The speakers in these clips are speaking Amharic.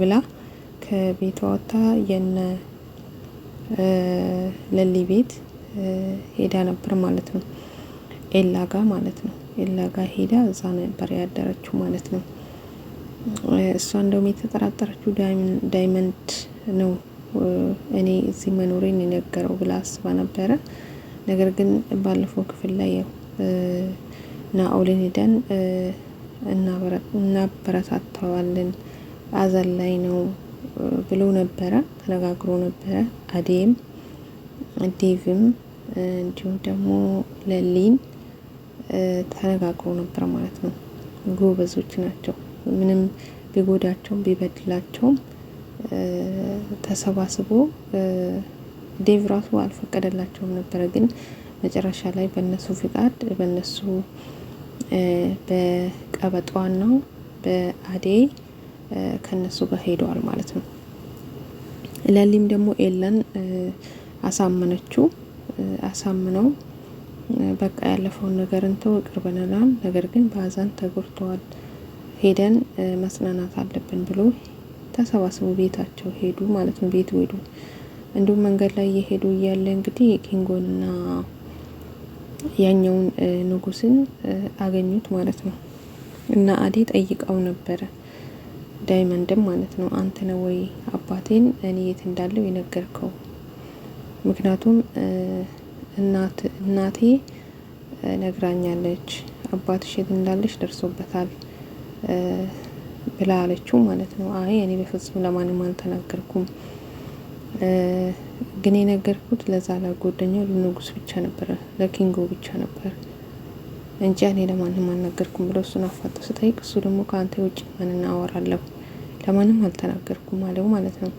ብላ ከቤቷ ወጥታ የነ ለሊ ቤት ሄዳ ነበር ማለት ነው። ኤላ ጋ ማለት ነው። ኤላ ጋ ሄዳ እዛ ነበር ያደረችው ማለት ነው። እሷ እንደውም የተጠራጠረችው ዳይመንድ ነው እኔ እዚህ መኖሬን የነገረው ብላ አስባ ነበረ። ነገር ግን ባለፈው ክፍል ላይ ያው ናኦልን ሄደን እናበረታተዋለን አዘን ላይ ነው ብሎ ነበረ፣ ተነጋግሮ ነበረ። አዴም ዴቭም እንዲሁም ደግሞ ለሊን ተነጋግሮ ነበረ ማለት ነው። ጎበዞች ናቸው። ምንም ቢጎዳቸውም ቢበድላቸውም ተሰባስቦ ዴቭ ራሱ አልፈቀደላቸውም ነበረ። ግን መጨረሻ ላይ በእነሱ ፍቃድ በእነሱ ነው በአዴ ከነሱ ጋር ሄደዋል ማለት ነው። ለሊም ደግሞ ኤለን አሳመነችው። አሳምነው በቃ ያለፈውን ነገር እንተው ይቅርብናል፣ ነገር ግን በአዛን ተጎድተዋል፣ ሄደን መጽናናት አለብን ብሎ ተሰባስቡ ቤታቸው ሄዱ ማለት ነው። ቤት ሄዱ። እንዲሁም መንገድ ላይ እየሄዱ እያለ እንግዲህ ኪንጎንና ያኛውን ንጉስን አገኙት ማለት ነው። እና አዴ ጠይቀው ነበረ ዳይመንድም ማለት ነው አንተ ነው ወይ አባቴን እኔ የት እንዳለው የነገርከው? ምክንያቱም እናቴ ነግራኛለች አባትሽ የት እንዳለሽ ደርሶበታል ብላ አለችው ማለት ነው። አይ እኔ በፍጹም ለማንም አልተናገርኩም፣ ግን የነገርኩት ለዛ ለጓደኛው ለንጉስ ብቻ ነበረ ለኪንጎ ብቻ ነበር እንጂ እኔ ለማንም አልነገርኩም ብሎ እሱን አፋጠው ስጠይቅ እሱ ደግሞ ከአንተ ውጭ ማንን አወራለሁ ለማንም አልተናገርኩም አለው ማለት ነው።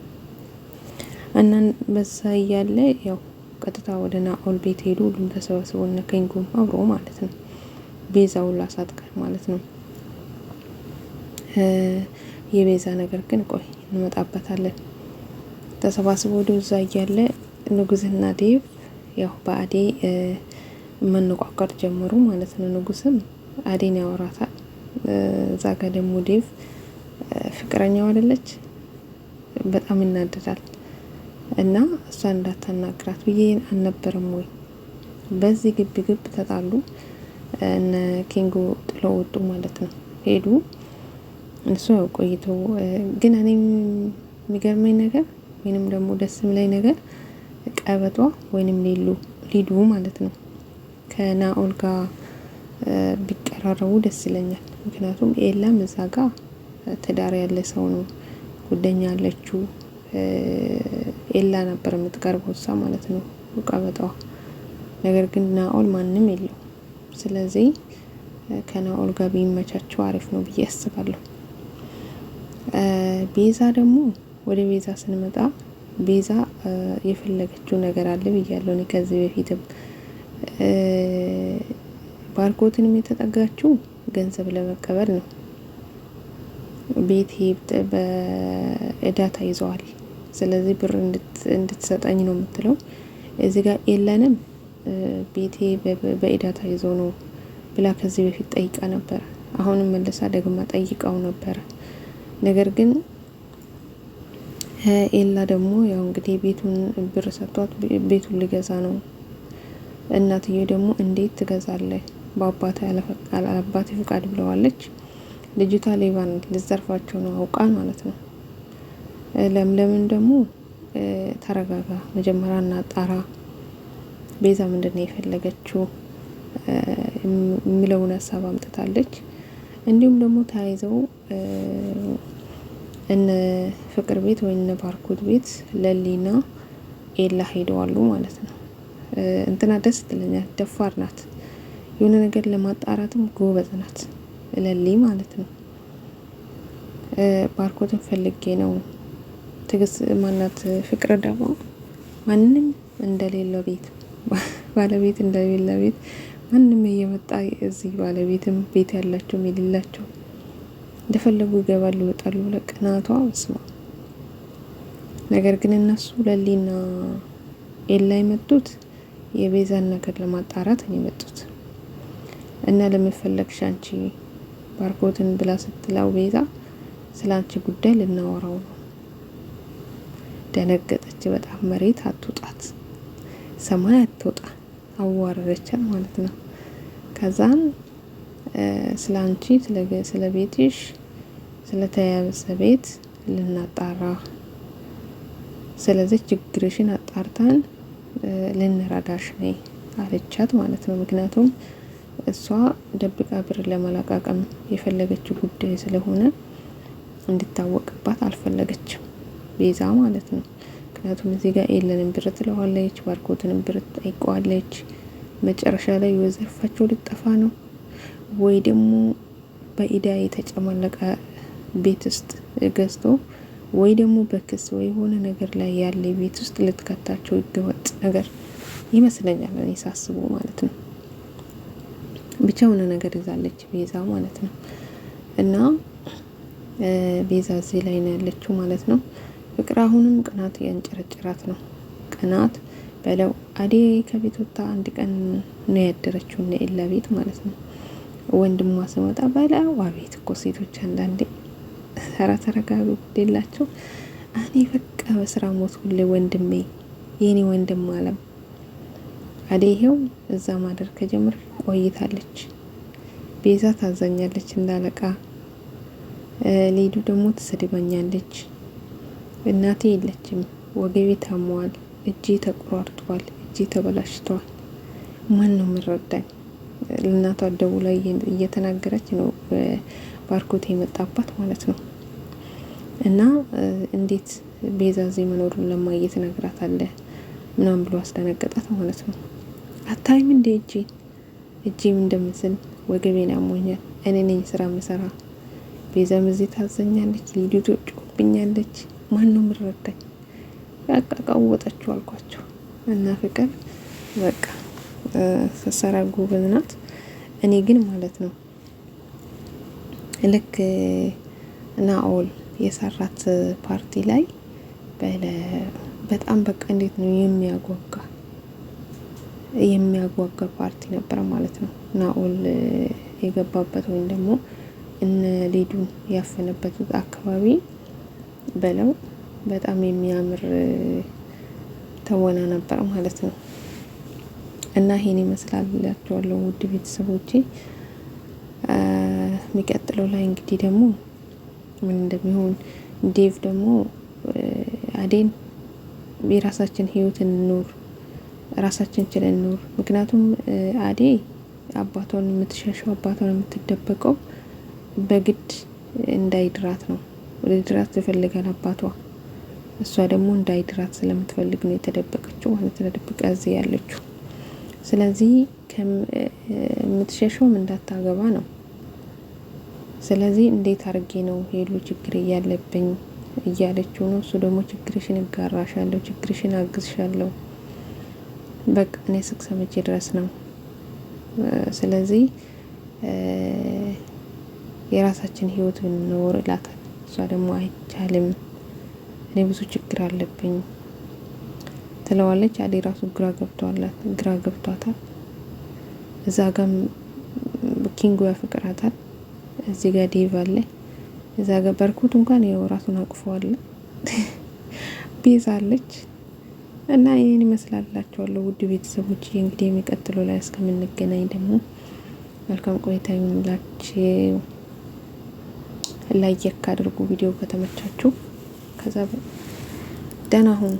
እና በዛ እያለ ያው ቀጥታ ወደ ናኦል ቤት ሄዱ። ሁሉም ተሰባስበው እነ ኬንጎም አብሮ ማለት ነው። ቤዛው ላሳጥቀር ማለት ነው። የቤዛ ነገር ግን ቆይ እንመጣበታለን። ተሰባስቦ ወደ እዛ እያለ ንጉስና ዴቭ ያው በአዴ መነቋቀር ጀመሩ ማለት ነው። ንጉስም አዴን ያወራታል። እዛ ጋ ደግሞ ዴቭ ፍቅረኛው አይደለች። በጣም ይናደዳል እና እሷ እንዳታናግራት ብዬ አልነበረም ወይ? በዚህ ግብ ግብ ተጣሉ። እነ ኪንጎ ጥለው ወጡ ማለት ነው፣ ሄዱ። እሱ ያው ቆይቶ ግን እኔ የሚገርመኝ ነገር ወይንም ደግሞ ደስ የሚለኝ ነገር ቀበጧ ወይንም ሌሉ ሊዱ ማለት ነው ከናኦል ጋር ቢቀራረቡ ደስ ይለኛል። ምክንያቱም ኤላም እዛ ጋር ትዳር ያለ ሰው ነው። ጉደኛ ያለችው ኤላ ነበር የምትቀርበው እሷ ማለት ነው ቀበጣዋ። ነገር ግን ናኦል ማንም የለው። ስለዚህ ከናኦል ጋር ቢመቻቸው አሪፍ ነው ብዬ አስባለሁ። ቤዛ ደግሞ ወደ ቤዛ ስንመጣ ቤዛ የፈለገችው ነገር አለ ብያለሁ እኔ ከዚህ በፊትም ባርኮትንም የተጠጋችው ገንዘብ ለመቀበል ነው። ቤቴ በእዳ ተይዘዋል ስለዚህ ብር እንድትሰጠኝ ነው የምትለው። እዚህ ጋር የለንም ቤቴ በእዳ ተይዞ ነው ብላ ከዚህ በፊት ጠይቃ ነበር። አሁንም መልሳ ደግማ ጠይቃው ነበረ። ነገር ግን ኤላ ደግሞ ያው እንግዲህ ቤቱን ብር ሰጥቷት ቤቱን ሊገዛ ነው። እናትዬ ደግሞ እንዴት ትገዛለህ በአባት አባቴ ፍቃድ ብለዋለች። ልጅቷ ሌባ ልዘርፋቸው ነው አውቃ ማለት ነው። ለምለምን ደግሞ ተረጋጋ፣ መጀመሪያ እናጣራ፣ ቤዛ ምንድን ነው የፈለገችው የሚለውን ሀሳብ አምጥታለች። እንዲሁም ደግሞ ተያይዘው እነ ፍቅር ቤት ወይ እነ ባርኮት ቤት ለሊና ኤላ ሄደዋሉ ማለት ነው። እንትና ደስ ትለኛል፣ ደፋር ናት፣ የሆነ ነገር ለማጣራትም ጎበዝ ናት፣ ለሊ ማለት ነው። ባርኮትን ፈልጌ ነው። ትግስት ማናት ፍቅር ደግሞ ማንም እንደሌለው ቤት ባለቤት እንደሌለ ቤት ማንም እየመጣ እዚህ ባለቤትም ቤት ያላቸውም የሌላቸው እንደፈለጉ ይገባሉ ይወጣሉ። ለቅናቷ ስማ። ነገር ግን እነሱ ለሊና ኤላ የመጡት የቤዛን ነገር ለማጣራት ነው የመጡት እና ለመፈለግሽ አንቺ ባርኮትን ብላ ስትላው ቤዛ ስለ አንቺ ጉዳይ ልናወራው ነው። ደነገጠች በጣም መሬት አትውጣት፣ ሰማይ አትውጣ፣ አዋረደቻት ማለት ነው። ከዛን ስለ አንቺ ስለ ቤትሽ ስለ ቤት ልናጣራ ስለዚህ ችግርሽን አጣርታን ልንረዳሽ ነይ አለቻት ማለት ነው። ምክንያቱም እሷ ደብቃ ብር ለመለቃቀም የፈለገችው ጉዳይ ስለሆነ እንድታወቅባት አልፈለገችም ቤዛ ማለት ነው። ምክንያቱም እዚህ ጋር የለንም ብር ትለዋለች፣ ባርኮትንም ብር ጠይቀዋለች። መጨረሻ ላይ ወዘርፋቸው ልጠፋ ነው ወይ ደግሞ በኢዳ የተጨማለቀ ቤት ውስጥ ገዝቶ ወይ ደግሞ በክስ ወይ የሆነ ነገር ላይ ያለ ቤት ውስጥ ልትከታቸው ይገወጥ ነገር ይመስለኛል እኔ ሳስቡ ማለት ነው። ብቻ የሆነ ነገር ይዛለች ቤዛ ማለት ነው እና ቤዛ እዚህ ላይ ነው ያለችው ማለት ነው። ፍቅር አሁንም ቅናት የእንጨረጨራት ነው። ቅናት በለው አዴ ከቤት ወጥታ አንድ ቀን ነው ያደረችው እና ኤላ ቤት ማለት ነው። ወንድሟ ስመጣ በለው አቤት እኮ ሴቶች አንዳንዴ ተራ ተረጋቢ ጉዴላቸው እኔ በቃ በስራ ሞት ሁሌ ወንድሜ የኔ ወንድም አለም አዴ ይሄው እዛ ማደር ከጀምር ቆይታለች። ቤዛ ታዛኛለች እንዳለቃ ሌዱ ደግሞ ትሰድበኛለች። እናቴ የለችም። ወገቤ ታመዋል። እጄ ተቆራርጧል። እጄ ተበላሽቷል ማን ነው የምረዳኝ? ለእናቷ ደውላ እየተናገረች ነው ባርኮት የመጣባት ማለት ነው። እና እንዴት ቤዛ እዚህ መኖሩን ነግራት ትነግራታለህ ምናም ብሎ አስደነገጣት ማለት ነው። አታይም እንዴ እጄ እጄም እንደምዝል ወገቤን አሞኛል። እኔ ነኝ ስራ ምሰራ ቤዛም እዚህ ታዘኛለች፣ ልጅቱ ጮብኛለች፣ ማን ነው ምረዳኝ? ያቃቃወጠችው አልኳቸው እና ፍቅር በቃ ስትሰራ ጎበዝ ናት። እኔ ግን ማለት ነው ልክ ናኦል የሰራት ፓርቲ ላይ በጣም በቃ እንዴት ነው የሚያጓጓ የሚያጓጓ ፓርቲ ነበር ማለት ነው ናኦል የገባበት ወይም ደግሞ እነ ሌዱ ያፈነበት አካባቢ በለው በጣም የሚያምር ተወና ነበር ማለት ነው። እና ይሄን ይመስላል እላችኋለሁ ውድ ቤተሰቦቼ። የሚቀጥለው ላይ እንግዲህ ደግሞ ምን እንደሚሆን ዴቭ ደግሞ አዴን የራሳችን ህይወት እንኖር ራሳችን ችለን እንኖር። ምክንያቱም አዴ አባቷን የምትሸሸው አባቷን የምትደበቀው በግድ እንዳይድራት ነው። ድራት ይፈልጋል አባቷ። እሷ ደግሞ እንዳይድራት ስለምትፈልግ ነው የተደበቀችው ማለት ተደብቀ እዚህ ያለችው። ስለዚህ የምትሸሸውም እንዳታገባ ነው። ስለዚህ እንዴት አርጌ ነው የሉ ችግር እያለብኝ እያለችው ነው። እሱ ደግሞ ችግርሽን እጋራሻለሁ፣ ችግርሽን አግዝሻለሁ፣ በቃ እኔ ስክ ሰምቼ ድረስ ነው። ስለዚህ የራሳችን ህይወት ብንኖር እላታል። እሷ ደግሞ አይቻልም፣ እኔ ብዙ ችግር አለብኝ ትለዋለች። አዴ ራሱ ግራ ገብቷላት ግራ ገብቷታል። እዛ ጋም ኪንጎ ያፈቅራታል፣ እዚህ ጋር ዴቭ አለ፣ እዛ ጋር በርኩት እንኳን ያው ራሱን አቅፈዋለ። ቤዛ አለች እና ይህን ይመስላላችኋለሁ ውድ ቤተሰቦች። እንግዲህ የሚቀጥለው ላይ እስከምንገናኝ ደግሞ መልካም ቆይታ ይሁንላችሁ። ላይክ አድርጉ ቪዲዮ ከተመቻችሁ። ከዛ ደህና ሁኑ።